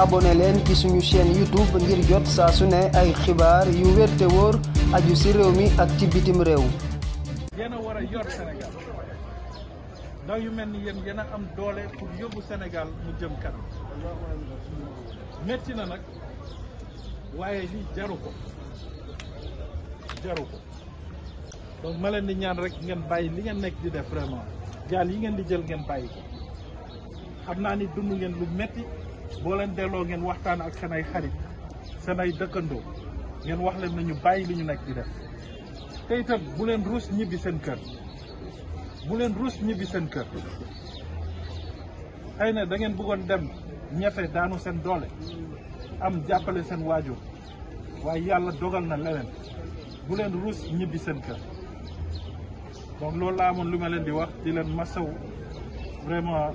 abonné leen ci suñu chaîne YouTube ngir jot saa su ne ay xibaar yu wér te aju ci réew mi ak ci bitim réew. yéen a war a yor Sénégal ndaw yu mel ni yéen yéen a am doole pour yóbbu Sénégal mu jëm na nag waaye li jaru ko jaru ko ma leen di ñaan rek ngeen bàyyi li ngeen nekk di def vraiment yi ngeen di jël ngeen bàyyi ko. xam naa ni dund ngeen lu metti boo leen delloo ngeen waxtaan ak seen ay xarit seen ay dëkkandoo ngeen wax leen nañu bàyyi li ñu nekk di def te itam bu leen ruus ñibbi seen kër bu leen ñibbi seen kër xëy na dangeen ngeen bëggoon dem ñafe daanu seen doole am jàppale seen waajur waaye yàlla dogal na leneen bu leen ruus ñibbi seen kër donc loolu laa amoon lu ma leen di wax di leen ma sew vraiment